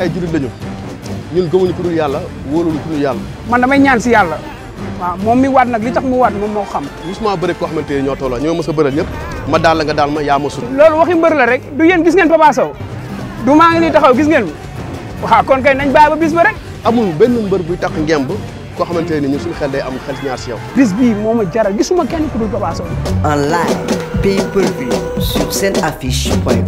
ay jullit lañu ñun gëmuñu ku dul yàlla wóoluñu ku dul yàlla. man damay ñaan si yàlla. waaw moom mi waat nag li tax mu waat moom moo xam. gisuma bëri koo xamante ne ñoo tolloo ñoo mës a bëral ñëpp ma daal la nga ma yaa ma sut. loolu waxi mbër la rek du yéen gis ngeen Papa Sow du taxaw gis ngeen waaw kon kay nañ bàyyi ba bis amul benn mbër buy tax ngemb koo xamante ne ñun suñu xel day am xel ñaar si yow. bis bii moo ma jaral gisuma kenn ku dul Papa Sow. en live pay per view sur seen affiche point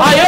ayé